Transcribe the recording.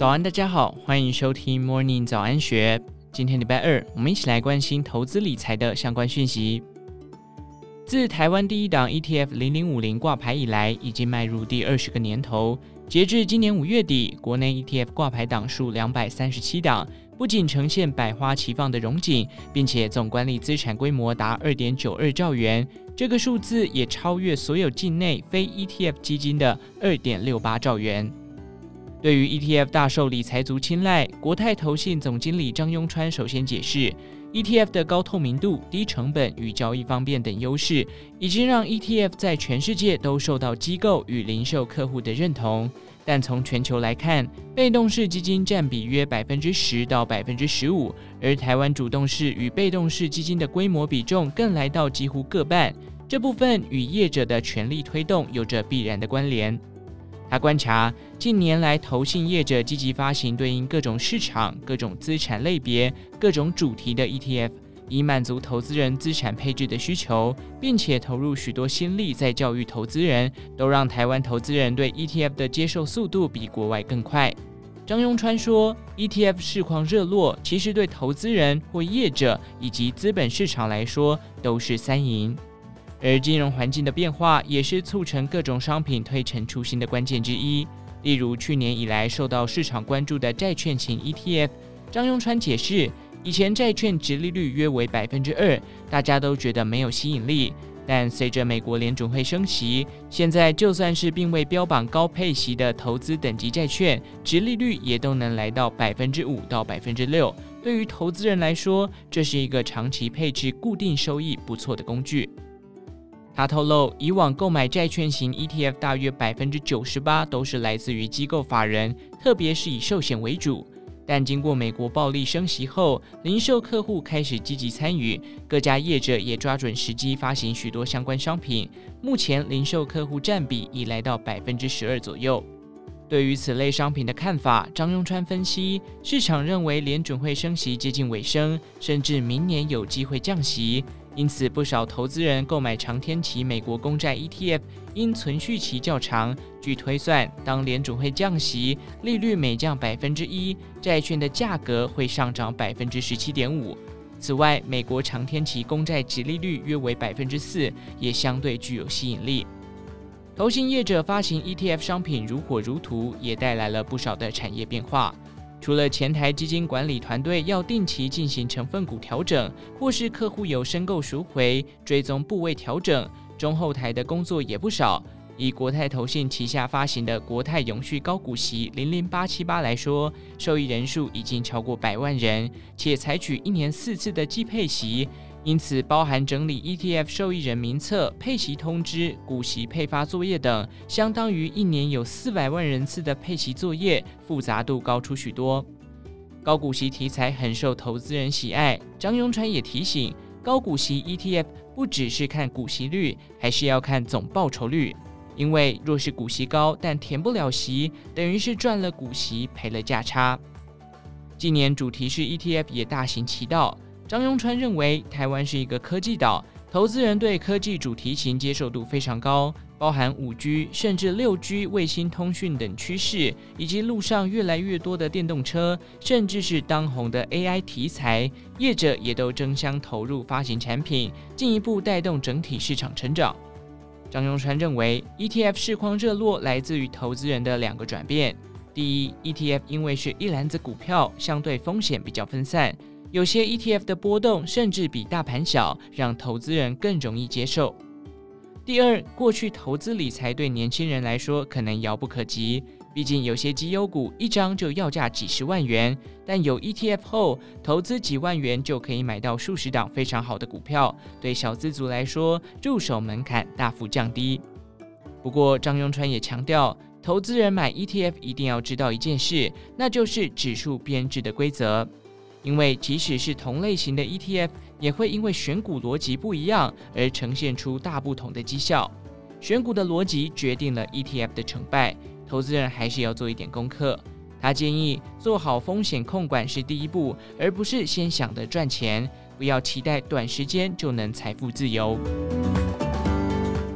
早安，大家好，歡迎收聽 Morning 早安學。今天禮拜二，我們一起來關心投資理財的相關訊息。自台灣第一檔 ETF 0050掛牌以來，已經邁入第二十個年頭。截至今年五月底，國內 ETF 掛牌檔數兩百三十七檔，不僅呈現百花齊放的榮景，並且總管理資產規模達二點九二兆元，這個數字也超越所有境內非 ETF 基金的二點六八兆元。對於 ETF 大受理財族青睞，國泰投信總經理張雍川首先解釋，ETF 的高透明度、低成本與交易方便等優勢，已經讓 ETF 在全世界都受到機構與零售客戶的認同。但從全球來看，被動式基金佔比約百分之十到百分之十五，而台灣主動式與被動式基金的規模比重更來到幾乎各半，這部分與業者的全力推動有着必然的關聯。他觀察近年來，投信業者積極發行對應各種市場、各種資產類別、各種主題的 ETF，以滿足投資人資產配置的需求，並且投入許多心力在教育投資人，都讓台灣投資人對 ETF 的接受速度比國外更快。張雍川說：“ETF 市況熱絡，其實對投資人或業者以及資本市場來說都是三贏。”而金融環境的變化也是促成各種商品推陳出新的關鍵之一。例如，去年以來受到市場關注的債券型 ETF，張永川解釋，以前債券殖利率約為百分之二，大家都覺得沒有吸引力。但隨着美國聯儲會升息，現在就算是並未標榜高配息的投資等級債券，殖利率也都能來到百分之五到百分之六。對於投資人來說，這是一個長期配置固定收益不錯的工具。他透露，以往購買債券型 ETF 大約百分之九十八都是來自於機構法人，特別是以壽險為主。但經過美國暴力升息後，零售客戶開始積極參與，各家業者也抓準時機發行許多相關商品。目前零售客戶佔比已來到百分之十二左右。對於此類商品的看法，張雍川分析，市場認為聯準會升息接近尾聲，甚至明年有機會降息。因此，不少投資人購買長天期美國公債 ETF，因存續期較長。據推算，當聯儲會降息，利率每降百分之一，債券的價格會上漲百分之十七點五。此外，美國長天期公債殖利率約為百分之四，也相對具有吸引力。投信業者發行 ETF 商品如火如荼，也帶來了不少的產業變化。除了前台基金管理團隊要定期進行成分股調整，或是客戶有申購贖回、追蹤部位調整，中後台的工作也不少。以國泰投信旗下發行的國泰永續高股息零零八七八來說，受益人數已經超過百萬人，且採取一年四次的季配息。因此，包含整理 ETF 受益人名冊、配息通知、股息配發作業等，相當於一年有四百萬人次的配息作業，複雜度高出許多。高股息題材很受投資人喜愛。張永川也提醒，高股息 ETF 不只是看股息率，還是要看總報酬率，因為若是股息高但填不了息，等於是賺了股息賠了價差。近年主題式 ETF 也大行其道。張永川認為，台灣是一個科技島投資人對科技主題型接受度非常高，包含五 G 甚至六 G 衛星通訊等趨勢，以及路上越來越多的電動車，甚至是當紅的 AI 題材，業者也都爭相投入發行產品，進一步帶動整體市場成長。張永川認為，ETF 市況熱絡來自於投資人的兩個轉變：第一，ETF 因為是一籃子股票，相對風險比較分散。有些 ETF 的波動甚至比大盤小，讓投資人更容易接受。第二，過去投資理財對年輕人來說可能遙不可及，畢竟有些績優股一張就要價幾十萬元。但有 ETF 後，投資幾萬元就可以買到數十檔非常好的股票，對小資族來說，入手門檻大幅降低。不過，張雍川也強調，投資人買 ETF 一定要知道一件事，那就是指數編制的規則。因為即使是同類型的 ETF，也會因為選股邏輯不一樣而呈現出大不同的績效。選股的邏輯決定了 ETF 的成敗，投資人還是要做一點功課。他建議做好風險控管是第一步，而不是先想着賺錢，不要期待短時間就能財富自由。